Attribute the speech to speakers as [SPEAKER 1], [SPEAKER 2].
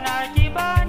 [SPEAKER 1] na on.